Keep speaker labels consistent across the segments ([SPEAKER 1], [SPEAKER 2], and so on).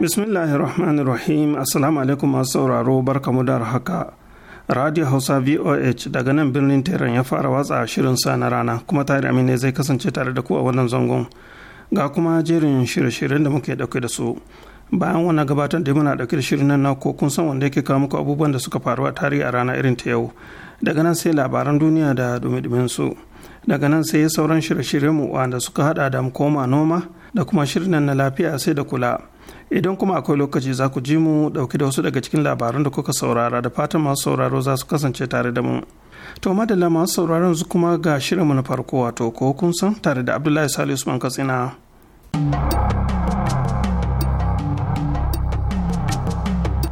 [SPEAKER 1] bismillahi rahmanir rahim assalamu alaikum masu sauraro mu da haka radio hausa voh daga nan birnin teran ya fara watsa shirin sa na rana kuma tare ne zai kasance tare da ku a wannan zangon ga kuma jerin shirye-shiryen da muke dauke da su bayan wannan gabatar da muna dauke da shirin nan na ko kun san wanda yake kawo muku abubuwan da suka faru a tarihi a rana irin ta yau daga nan sai labaran duniya da dumi su daga nan sai sauran shirye-shiryen mu wanda suka hada da mu koma noma da kuma shirin na lafiya sai da kula idan kuma akwai lokaci za ku ji mu dauki da wasu daga cikin labaran da kuka saurara da fatan masu sauraro za su kasance tare da mu to madalla masu sauraron su kuma ga shirinmu na farko wato ko kun san tare da abdullahi salisu usman katsina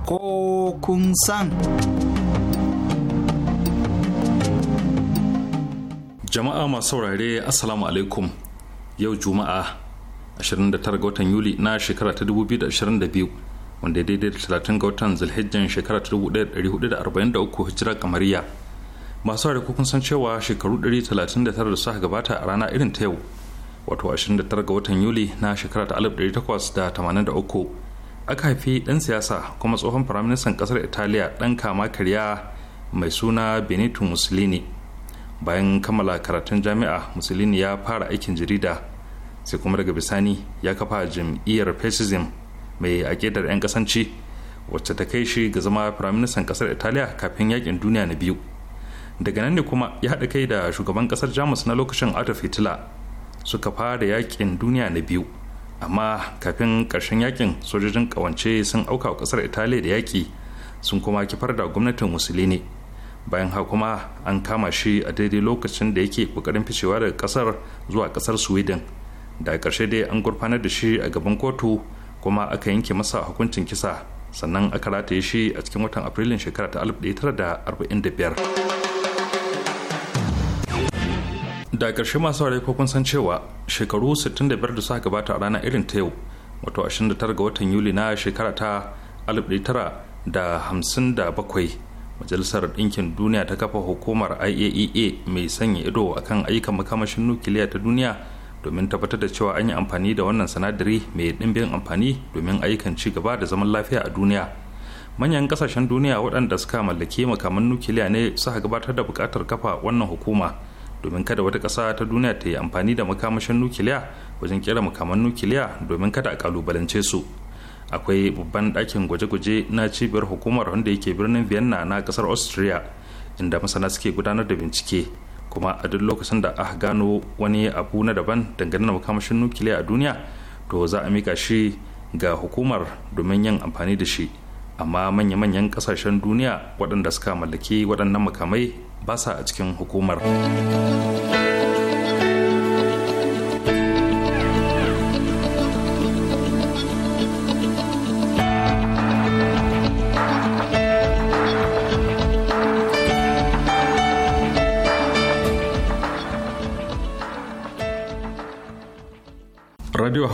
[SPEAKER 1] ko kun san
[SPEAKER 2] jama'a masu saurare assalamu alaikum yau juma'a 29 ga watan yuli na shekara ta 2022 wanda daidai da 30 ga watan zulhijjan shekara ta 1443 hijira kamariya masu hare kukun san cewa shekaru 139 da suka gabata a rana irin ta yau wato 29 ga watan yuli na shekara ta 1883 aka haifi dan siyasa kuma tsohon firaministan kasar italiya dan kama karya mai suna benito mussolini bayan kammala karatun jami'a mussolini ya fara aikin jarida sai kuma daga bisani ya kafa jam'iyyar fascism mai akidar 'yan kasanci wacce ta kai shi ga zama firaministan kasar italiya kafin yakin duniya na biyu daga nan ne kuma ya haɗa kai da shugaban kasar jamus na lokacin adolf hitler suka fara yakin duniya na biyu amma kafin ƙarshen yakin sojojin ƙawance sun auka kasar italiya da yaƙi sun kuma kifar da gwamnatin musulini bayan ha kuma an kama shi a daidai lokacin da yake ƙoƙarin ficewa daga ƙasar zuwa ƙasar sweden da ƙarshe dai an gurfanar da shi a gaban kotu kuma aka yanke masa hukuncin kisa sannan aka rataye shi a cikin watan afrilun shekara ta 1945 da ƙarshe masu ware kun san cewa shekaru 65 da suka gabata a ranar irin ta yau wato 29 ga watan yuli na shekara ta 1957 majalisar ɗinkin duniya ta kafa hukumar iaea e mai sanya ido akan ayyukan makamashin nukiliya ta duniya domin tabbatar da cewa an yi amfani da wannan sanadari mai ɗimbin amfani domin ayyukan ci gaba da zaman lafiya a duniya manyan kasashen duniya waɗanda suka mallake makaman nukiliya ne suka gabatar da buƙatar kafa wannan hukuma domin kada wata ƙasa ta duniya ta yi amfani da makamashin nukiliya wajen kera makaman nukiliya domin kada a kalubalance su akwai babban ɗakin gwaje-gwaje na cibiyar hukumar wanda yake birnin vienna na ƙasar austria inda masana suke gudanar da bincike kuma a duk lokacin da aka gano wani abu na daban dangane da makamashin nukiliya a duniya to za a mika shi ga hukumar domin yin amfani da shi amma manya-manyan kasashen duniya waɗanda suka mallaki waɗannan makamai ba sa a cikin hukumar.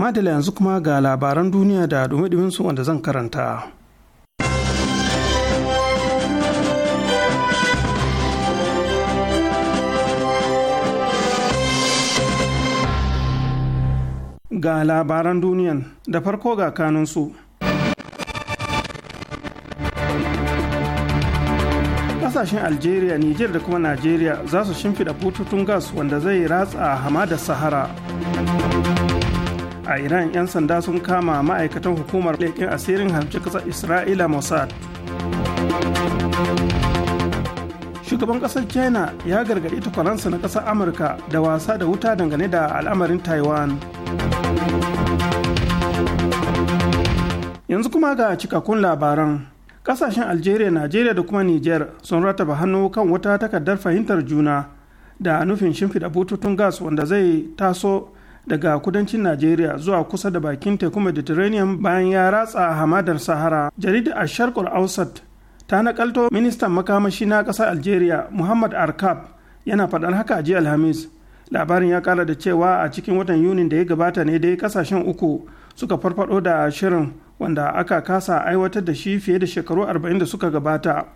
[SPEAKER 1] madala yanzu kuma ga labaran duniya da dumi su wanda zan karanta ga labaran duniyan da farko ga kanunsu kasashen algeria nijar da kuma Najeriya za su shimfiɗa bututun gas wanda zai ratsa hamadar sahara a iran 'yan sanda sun kama ma'aikatan hukumar leƙen asirin harci ƙasar isra'ila mossad shugaban ƙasar china ya gargaɗi takwaransa na ƙasar amurka da wasa da wuta dangane da al'amarin taiwan yanzu kuma ga cikakkun labaran ƙasashen algeria najeriya da kuma niger sun rataba hannu kan wata takardar fahimtar juna da nufin shimfida bututun gas wanda zai taso daga kudancin Najeriya zuwa kusa da bakin teku Mediterranean bayan ya ratsa hamadar Sahara. Jaridar Asharkul Ausat ta nakalto ministan makamashi na ƙasar Algeria Muhammad Arkab yana faɗar haka a jiya Alhamis. Labarin ya ƙara da cewa a cikin watan Yunin da ya gabata ne dai ƙasashen uku suka farfaɗo da shirin wanda aka kasa aiwatar da shi fiye da shekaru arba'in da suka gabata.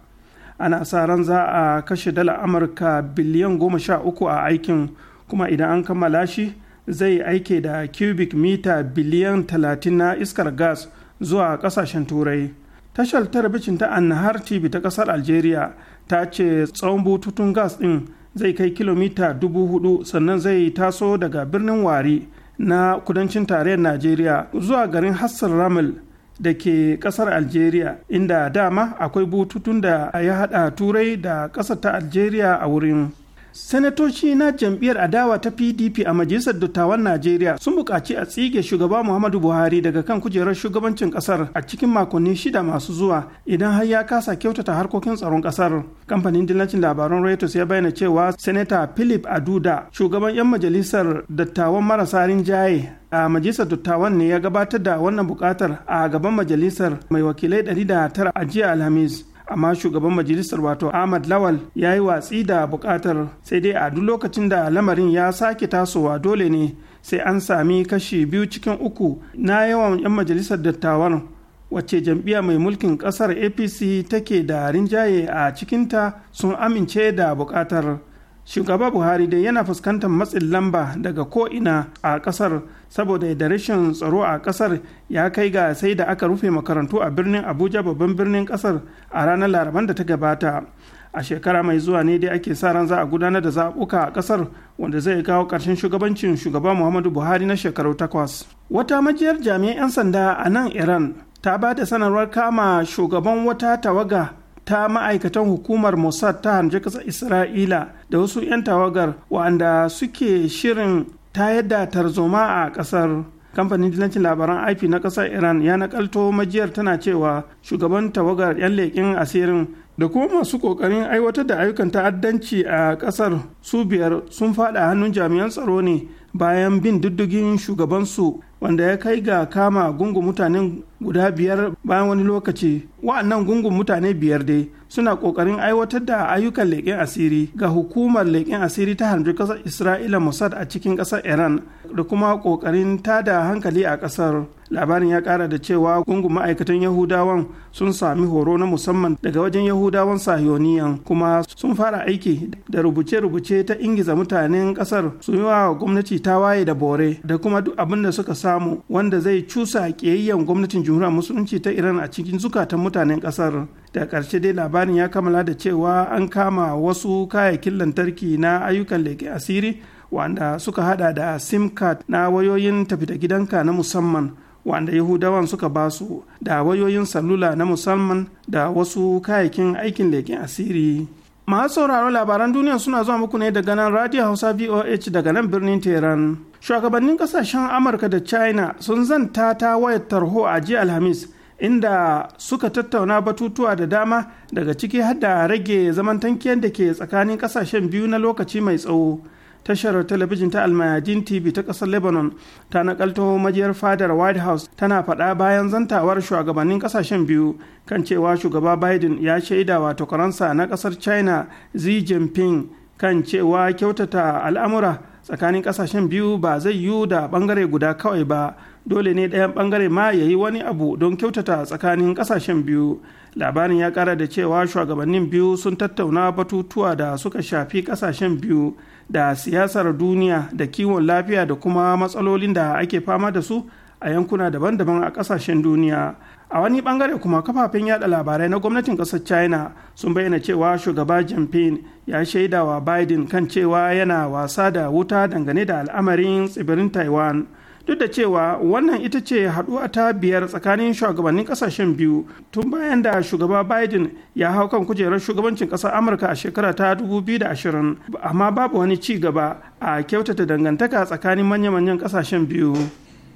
[SPEAKER 1] Ana sa ran za a kashe dala Amurka biliyan goma sha uku a aikin kuma idan an kammala shi zai aike da cubic mita biliyan 30 na iskar gas zuwa kasashen turai tashar talabicin ta annahar tv ta kasar algeria ta ce tsawon bututun gas din zai kai kilomita dubu huɗu sannan zai taso daga birnin wari na kudancin tarayyar najeriya zuwa garin hassan ramal da ke kasar algeria inda dama akwai bututun da ya hada turai da kasar ta algeria a wurin sanatoci na jam'iyyar adawa ta pdp a majalisar dattawan najeriya sun buƙaci a tsige shugaba muhammadu buhari daga kan kujerar shugabancin ƙasar a cikin makonni shida masu zuwa idan har ya kasa kyautata harkokin tsaron ƙasar kamfanin dillacin labaran reuters ya bayyana cewa sanata philip aduda shugaban 'yan majalisar dattawan marasa rinjaye a majalisar dattawan ne ya gabatar da wannan buƙatar a gaban majalisar mai wakilai 109 a jiya alhamis amma shugaban majalisar wato ahmad lawal ya yi watsi da bukatar sai dai a duk lokacin da lamarin ya sake tasowa dole ne sai an sami kashi biyu cikin uku na yawan 'yan majalisar dattawan wacce jam'iyya mai mulkin kasar apc take da rinjaye a cikinta sun amince da bukatar shugaba buhari dai yana fuskantar matsin lamba daga ko'ina a kasar saboda da rashin tsaro a kasar ya kai ga sai da aka rufe makarantu a birnin abuja babban birnin kasar a ranar laraban da ta gabata a shekara mai zuwa ne dai ake sa ran za a gudanar da zaɓuka a kasar wanda zai kawo ƙarshen shugabancin shugaba muhammadu buhari na shekaru takwas wata majiyar jami'an 'yan sanda a nan iran ta ba da sanarwar kama shugaban wata tawaga ta ma'aikatan hukumar mossad ta hamji ƙasar isra'ila da wasu 'yan tawagar wa'anda suke shirin tayar da tarzoma a ƙasar kamfanin dilancin labaran ip na ƙasar iran ya nakalto majiyar tana cewa shugaban tawagar 'yan leƙin asirin da kuma masu ƙoƙarin aiwatar da ayyukan ta'addanci a ƙasar su biyar sun fada hannun jami'an tsaro ne bayan bin diddigin shugabansu wanda ya kai ga kama gungun mutanen guda biyar bayan wani lokaci wa'annan gungun mutane biyar dai suna kokarin aiwatar da ayyukan leƙen asiri ga hukumar leƙen asiri ta hanjin ƙasar isra'ila mossad a cikin ƙasar iran da kuma kokarin tada hankali a ƙasar labarin ya ƙara da cewa gungun ma'aikatan yahudawan sun sami horo na musamman daga wajen yahudawan sahiyoniyan kuma sun fara aiki da rubuce-rubuce ta ingiza mutanen ƙasar su yi wa gwamnati ta waye da bore da kuma duk abin da suka samu wanda zai cusa ƙiyayyen gwamnatin jumhuriyar musulunci ta iran a cikin zukatan mutanen kasar da karshe dai labarin ya kammala da cewa an kama wasu kayayyakin lantarki na ayyukan leke asiri wanda suka hada da sim card na wayoyin tafi da gidanka na musamman wanda yahudawan suka basu da wayoyin salula na musamman da wasu kayayyakin aikin leke asiri masu sauraron labaran duniya suna zuwa muku ne daga nan radio hausa voh daga nan birnin tehran shugabannin kasashen amurka da china sun zanta ta wayar tarho a jiya alhamis inda suka tattauna batutuwa da dama daga ciki har da rage tankiyar da ke tsakanin kasashen biyu na lokaci mai tsawo tashar talabijin ta almayadin tv ta kasar lebanon ta nakalto majiyar fadar white house tana faɗa bayan zantawar shugabannin kasashen biyu kan cewa shugaba biden ya shaidawa wato karansa na kasar china xi jinping kan cewa kyautata al'amura tsakanin kasashen biyu ba zai yiwu da bangare guda kawai ba dole ne ɗayan bangare ma ya yi wani abu don kyautata tsakanin kasashen biyu labarin ya ƙara da cewa shugabannin biyu sun tattauna batutuwa da suka shafi kasashen biyu da siyasar duniya da kiwon lafiya da kuma matsalolin da ake fama da su a yankuna daban-daban a ƙasashen duniya a wani bangare kuma kafafen yada labarai na gwamnatin ƙasar china sun bayyana cewa shugaba jinping ya shaidawa biden kan cewa yana wasa da wuta dangane da al'amarin tsibirin taiwan duk da cewa wannan ita ce haɗuwa ta biyar tsakanin shugabannin ƙasashen biyu tun bayan da shugaba biden ya hau kan kujerar shugabancin ƙasar amurka a shekara ta 2020 amma babu wani ci gaba a kyautata dangantaka tsakanin manya-manyan ƙasashen biyu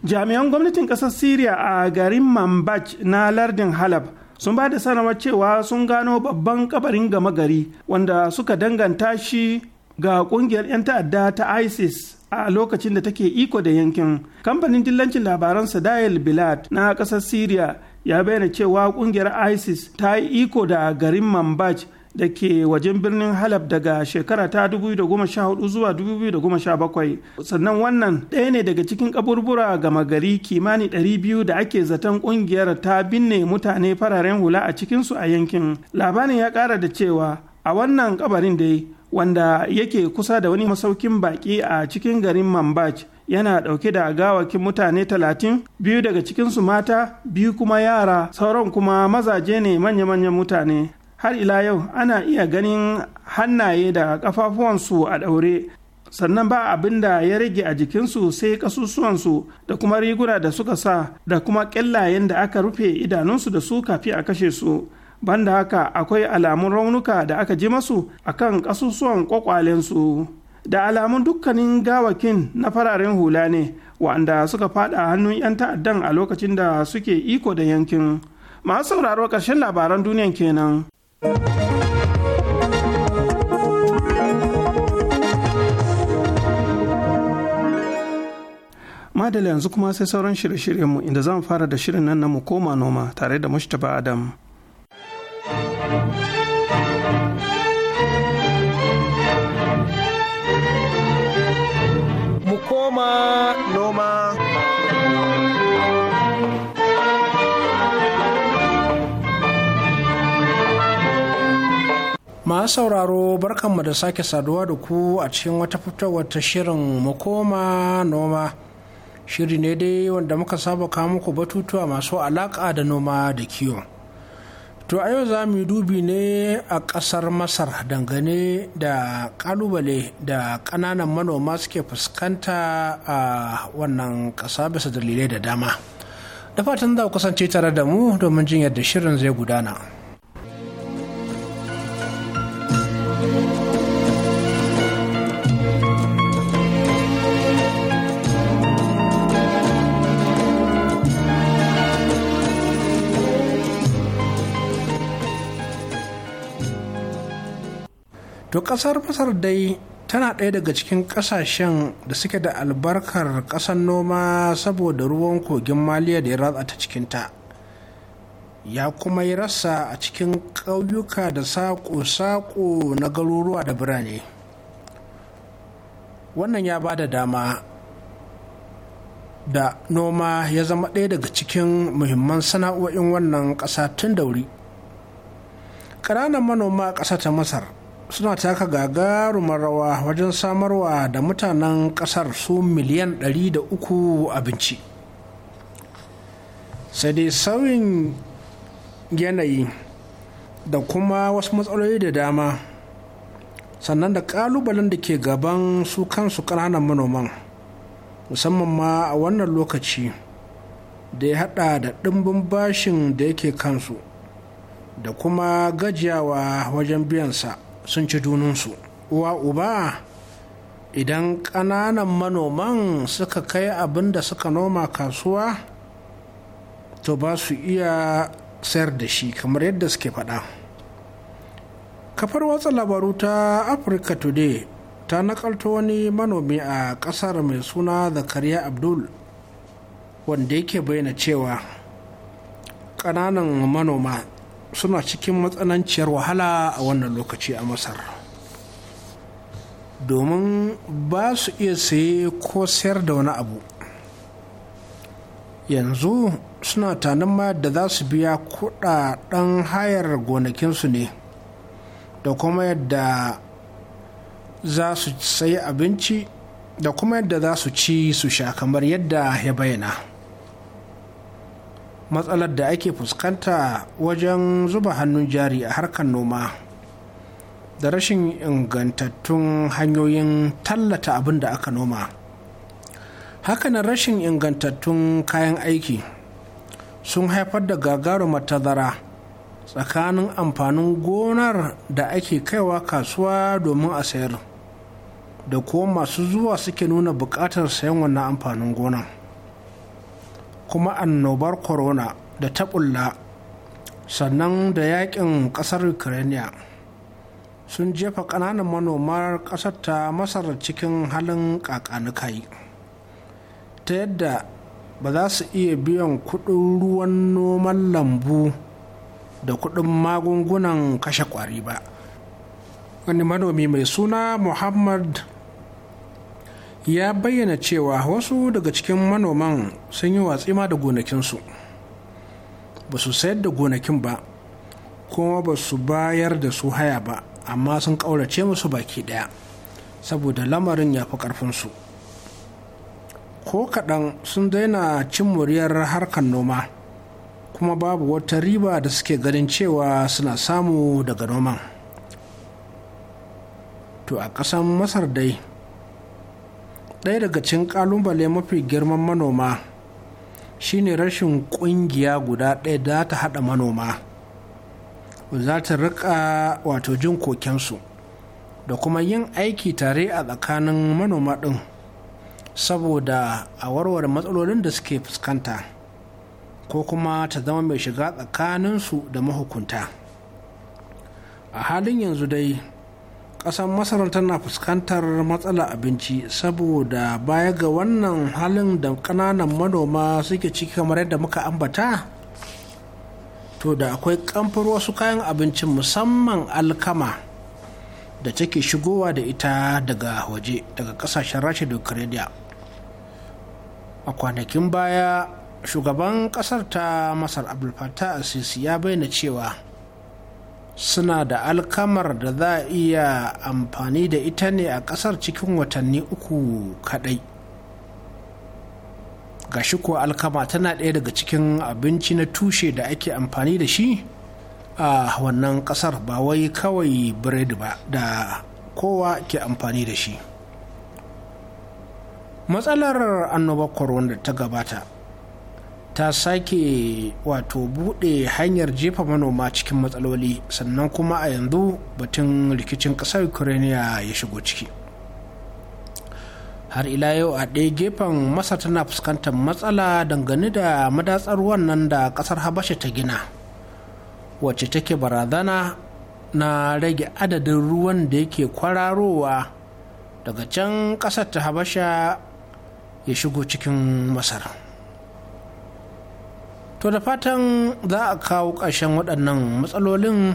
[SPEAKER 1] jami'an gwamnatin ƙasar syria a garin manbaj na lardin halab sun ba da sanarwar cewa sun gano babban kabarin gama gari wanda suka danganta shi ga ƙungiyar 'yan ta'adda ta isis a lokacin da take iko da yankin kamfanin dillancin labaran sadayel bilad na ƙasar syria ya bayyana cewa ƙungiyar isis ta yi iko da garin manbaj da ke wajen birnin halab daga shekara ta 2014 zuwa 2017 sannan wannan ɗaya ne daga cikin kaburbura gama gari kimani 200 da ake zaton ƙungiyar ta binne mutane fararen hula a cikinsu a yankin labarin ya ƙara da cewa a wannan kabarin dai wanda yake kusa da wani masaukin baƙi a cikin garin Mambach yana ɗauke da gawakin mutane talatin biyu daga cikinsu mata biyu kuma yara sauran kuma mazaje ne manya-manyan mutane har ila yau ana iya ganin hannaye da ƙafafuwansu a ɗaure sannan ba abin da ya rage a jikinsu sai ƙasusuwansu da kuma riguna da suka sa da kuma ƙyallayen da aka rufe idanunsu da su kafi a kashe su banda haka akwai alamun raunuka da aka ji masu a kan ƙasusuwan ƙwaƙwalensu. da alamun dukkanin gawakin na fararen hula ne wa'anda suka fada hannun 'yan ta'addan a lokacin da suke iko da yankin masu sauraro ƙarshen labaran duniyan kenan. Madala yanzu kuma sai sauran shirye-shiryenmu inda zan fara da shirin nan na mu koma noma tare da Mustapha Adam.
[SPEAKER 3] masu sauraro barkanmu da sake saduwa da ku a cikin wata fitowar ta shirin makoma noma shiri ne dai wanda muka saba kawo muku batutuwa masu alaƙa da noma da kiwo to a yau za mu yi dubi ne a ƙasar masar dangane da ƙalubale da ƙananan manoma suke fuskanta a wannan ƙasa bisa dalilai da dama da fatan za ku kasance tare da mu domin jin yadda shirin zai gudana. to ƙasar masar dai tana ɗaya daga cikin ƙasashen da suke da albarkar ƙasar noma saboda ruwan kogin maliya da ya ratsa ta cikinta ya kuma yi rasa a cikin ƙauyuka da saƙo-saƙo na garuruwa da birane wannan ya ba da dama da noma ya zama ɗaya daga cikin muhimman sana'o'in wannan ƙasa tun da wuri ƙananan manoma a ƙasa ta masar suna taka gagarumar rawa wajen samarwa da mutanen kasar su miliyan 300 abinci sai dai sauyin yanayi da kuma wasu matsaloli da dama sannan da kalubalen da ke gaban su kansu kananan manoman musamman ma a wannan lokaci da ya hada da ɗimbin bashin da yake kansu da kuma gajiyawa wajen biyansa sun ci dununsu uwa uba idan ƙananan manoman suka kai abin da suka noma kasuwa to ba su iya sayar da shi kamar yadda suke faɗa kafar watsa labaru ta africa today ta nakalto wani manomi a ƙasar mai suna zakariya abdul wanda yake bayyana cewa ƙananan manoma suna cikin matsananciyar wahala a wannan lokaci a masar domin ba su iya saye ko sayar da wani abu yanzu suna tanan ma da za su biya kudaden hayar gonakinsu ne da kuma yadda za su sayi abinci da kuma yadda za su ci su sha kamar yadda ya bayyana matsalar da ake fuskanta wajen zuba hannun jari a harkar noma da rashin ingantattun hanyoyin tallata abin da aka noma hakanan rashin ingantattun kayan aiki sun haifar da gagarumar tazara tsakanin amfanin gonar da ake kaiwa kasuwa domin a sayar da kuma masu zuwa suke nuna buƙatar sayan wannan amfanin gonar kuma annobar corona da ta ɓulla sannan da yakin ƙasar ukraine sun jefa ƙananan manomar ƙasar ta masar cikin halin ƙaƙanukai ta yadda ba za su iya biyan kuɗin ruwan noman lambu da kuɗin magungunan kashe kwari ba wani manomi mai suna muhammad ya bayyana cewa wasu daga cikin manoman sun yi watsi ma da gonakinsu ba su sayar da gonakin ba kuma ba su bayar da su haya ba amma sun ƙaurace musu baki ɗaya saboda lamarin ya fi ƙarfinsu ko kaɗan sun daina cin muryar harkar noma kuma babu wata riba da suke ganin cewa suna samu daga noman to a ƙasan masar dai ɗaya daga cikin ƙalubale mafi girman manoma shine rashin ƙungiya guda ɗaya da ta haɗa manoma za ta riƙa wato jin kokensu da kuma yin aiki tare a tsakanin manoma ɗin saboda a warware matsalolin da suke fuskanta ko kuma ta zama mai shiga tsakaninsu da mahukunta a halin yanzu dai Kasan masar tana fuskantar matsala abinci saboda baya ga wannan halin da ƙananan manoma suke ciki kamar yadda muka ambata to da akwai kamfar wasu kayan abincin musamman alkama da take shigowa da ita daga waje daga kasashen rasha da ukraine a kwanakin baya shugaban kasar ta masar abdulfatah asisi ya bayyana cewa suna da alkamar da za a iya amfani da ita ne a ƙasar cikin watanni uku kaɗai shi ko alkama tana ɗaya daga cikin abinci na tushe da ake amfani da shi a wannan ƙasar ba wai kawai biredi ba da kowa ke amfani da shi matsalar annobar da ta gabata ta sake wato buɗe hanyar jefa manoma cikin matsaloli sannan kuma a yanzu batun rikicin ƙasar ukraine ya shigo ciki har ila yau a ɗaya gefen masar tana fuskantar matsala dangane da madatsar wannan da ƙasar habasha ta gina wacce take barazana na rage adadin ruwan da yake kwararowa daga can ƙasar ta habasha ya shigo cikin masar to da fatan za a kawo ƙarshen waɗannan matsalolin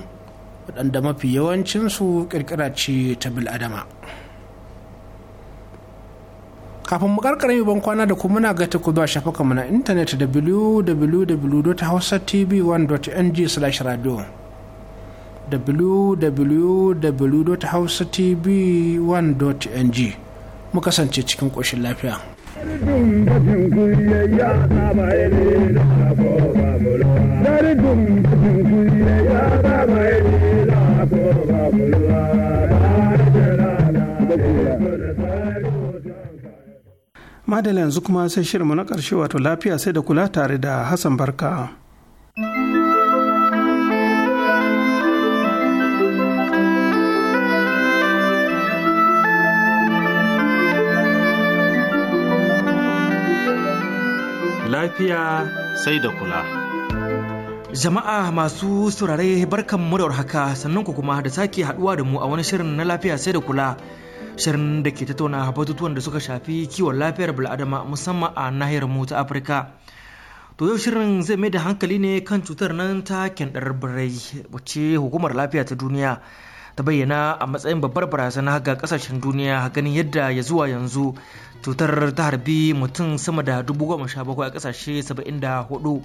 [SPEAKER 3] waɗanda mafi yawancinsu ƙirƙira ce ta bil'adama kafin mu karkare yi kwana da kuma na ga ta kudu a shafukanmu na intanet www.hausatv1.ng/radio www.hausatv1.ng mu kasance cikin ƙoshin lafiya. Daridun
[SPEAKER 1] Madalla yanzu kuma sai shirinmu na ƙarshe wato lafiya sai da kula tare da Hassan Barka. lafiya sai da kula.
[SPEAKER 4] Jama'a masu saurare barkan da warhaka sannan ku kuma da sake haduwa da mu a wani shirin na lafiya sai da kula. Shirin da ke tattauna batutuwan da suka shafi kiwon lafiyar bil'adama musamman a nahiyar mu ta Afirka. To yau shirin zai mai da hankali ne kan cutar nan ta kyandar birai wacce hukumar lafiya ta duniya ta bayyana a matsayin babbar barazana ga kasashen duniya ganin yadda ya zuwa yanzu cutar ta harbi mutum sama da dubu goma sha bakwai a kasashe saba'in da hudu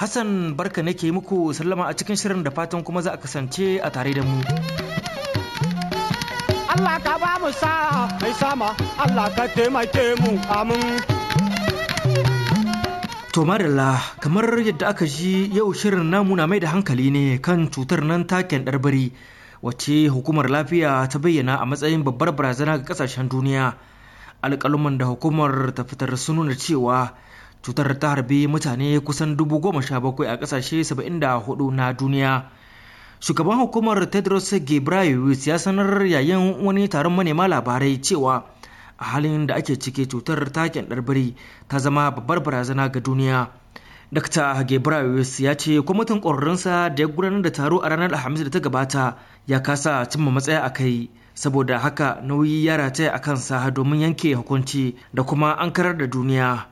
[SPEAKER 4] hassan barka ne ke muku sallama a cikin shirin da fatan kuma za a kasance a tare da mu Allah ka ba mu sa mai sama Allah ka taimake mu amin To marilla kamar yadda aka ji yau shirin namu na mai da hankali ne kan cutar nan taken ɗarbari wacce hukumar lafiya ta bayyana a matsayin babbar barazana ga ƙasashen duniya. alƙaluman da hukumar ta fitar sun nuna cewa cutar ta harbi mutane kusan dubu goma sha bakwai a kasashe saba'in da hudu na duniya shugaban hukumar tedros ghebreyesus ya sanar yayin wani taron manema labarai cewa a halin da ake ciki cutar ta takin biri ta zama babbar barazana ga duniya dr ghebreyesus ya ce kwamitin ƙwararrunsa da ya gudanar da taro a ranar alhamis da ta gabata ya kasa cimma matsaya a kai saboda haka nauyi ya rataya a saha domin yanke hukunci da kuma an karar da duniya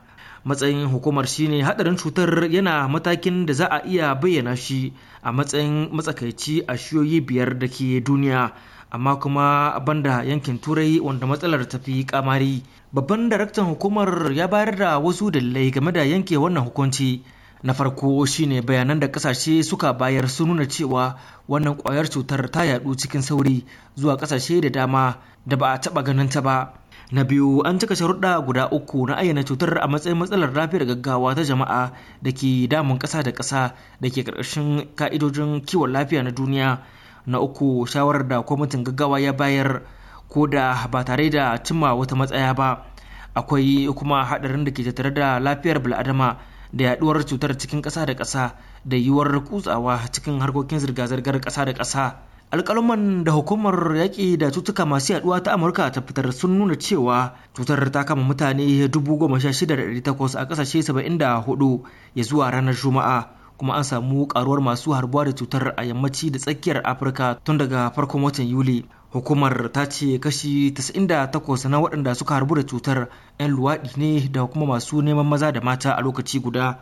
[SPEAKER 4] matsayin hukumar shine hadarin cutar yana matakin da za a iya bayyana shi a matsayin matsakaici a shiyoyi biyar da ke duniya amma kuma banda yankin turai wanda matsalar ta fi kamari babban daraktan hukumar ya bayar da wasu dalilai game da yanke wannan hukunci na farko shine bayanan da kasashe suka bayar sun nuna cewa wannan kwayar cutar ta yadu cikin sauri zuwa kasashe da dama da ba a taba ganin ta ba na biyu an cika sharuɗa guda uku na ayyana cutar a matsayin matsalar lafiyar gaggawa ta jama'a da ke damun ƙasa da ƙasa da ke ƙarƙashin ka'idojin kiwon lafiya na duniya na uku shawarar da kwamitin gaggawa ya bayar ko da ba tare da cimma wata matsaya ba akwai kuma haɗarin da ke tattare da lafiyar bil'adama da yaduwar cutar cikin ƙasa da ƙasa da yiwuwar kutsawa cikin harkokin zirga-zirgar ƙasa da ƙasa alƙaluman da hukumar yaƙi da cutuka masu yaduwa ta amurka ta fitar sun nuna cewa cutar ta kama mutane 16,800 a ƙasashe 74 ya zuwa ranar juma'a kuma an samu karuwar masu harbuwa da cutar a yammaci da tsakiyar afirka tun daga farkon watan yuli hukumar ta ce kashi 98 na waɗanda suka harbu da cutar 'yan luwaɗi ne da kuma masu neman maza da mata a lokaci guda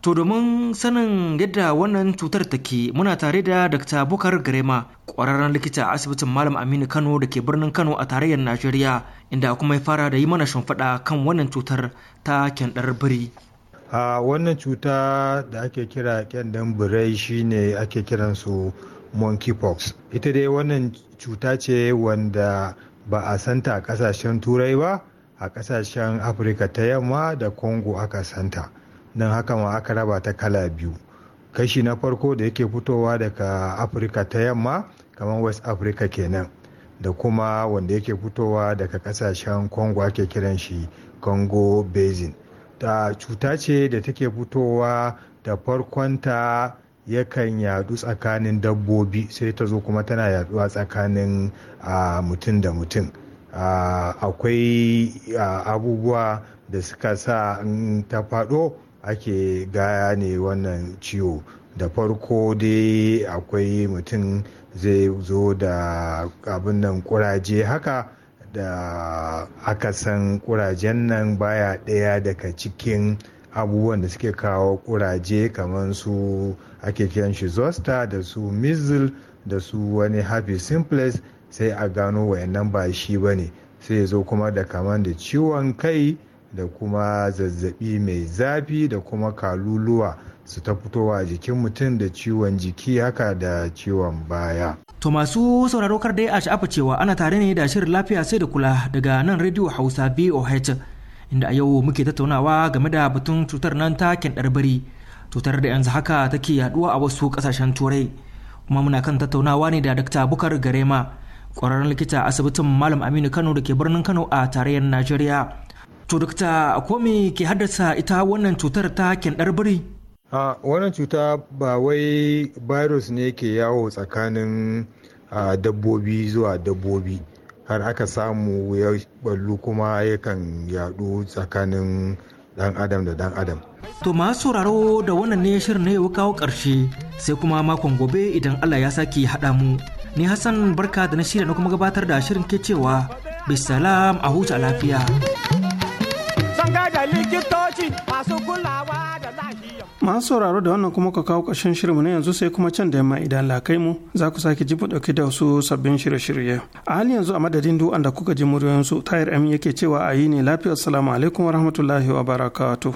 [SPEAKER 4] to domin sanin yadda wannan cutar take muna tare da dr bukar garema ƙwararren likita a asibitin malam aminu kano da ke birnin kano a tarayyar najeriya inda kuma ya fara da yi mana shimfiɗa kan wannan cutar ta kyandar biri a
[SPEAKER 5] wannan cuta da ake kira kyandan birai shine ake kiransu monkeypox ita dai wannan cuta ce wanda ba a santa a kasashen turai ba a kasashen afirka ta yamma da congo aka santa don haka ma aka raba ta kala biyu kashi na farko da yake fitowa daga afirka ta yamma kamar west africa kenan da kuma wanda yake fitowa daga kasashen congo ake kiran shi congo basin ta cuta ce da take fitowa da farkonta yakan yadu tsakanin dabbobi sai ta zo kuma tana yaduwa tsakanin mutum da mutum akwai abubuwa da suka sa ta faɗo ake gaya ne wannan ciwo da farko dai akwai mutum zai zo da abin nan kuraje haka da aka san kurajen nan baya ɗaya daga cikin abubuwan da suke kawo kuraje kamar su ake kiran shi zosta da su mizzle da su wani happy simplex sai a gano wayannan ba shi ba ne sai ya zo kuma da kaman da ciwon kai da kuma zazzabi mai zafi da kuma kaluluwa su ta fitowa jikin mutum da ciwon jiki haka da ciwon
[SPEAKER 4] baya. To masu sauraro kar dai a sha'afa cewa ana tare ne da shirin lafiya sai da kula daga nan rediyo Hausa BOH inda a yau muke tattaunawa game da batun cutar nan ta kyandarbari cutar da yanzu haka take yaduwa a wasu kasashen turai kuma muna kan tattaunawa ne da dakta bukar garema kwararren likita asibitin malam aminu kano da ke birnin kano a tarayyar najeriya to dakta ko me ke haddasa ita wannan cutar ta kyandar biri
[SPEAKER 5] a wannan cuta ba wai virus ne ke yawo tsakanin dabbobi zuwa dabbobi har aka samu ya ballu kuma yakan yadu tsakanin dan adam da dan adam
[SPEAKER 4] to masu sauraro da wannan ne shirin na yau kawo karshe sai kuma makon gobe idan Allah ya sake haɗa mu ni Hassan barka da na shirya na kuma gabatar da shirin ke cewa bisalam a huta lafiya. Sanga da likitoci masu kulawa
[SPEAKER 3] da
[SPEAKER 1] lahiyar masu sauraro da wannan kuma ka kawo ƙarshen shirinmu na yanzu sai kuma can da yamma idan lakai mu za ku sake ji ɗauki da wasu sabbin shirye-shirye a hali yanzu a madadin du'an da kuka ji muryoyinsu tayar amin yake cewa a yi ne lafiya assalamu alaikum wa rahmatullahi wa barakatu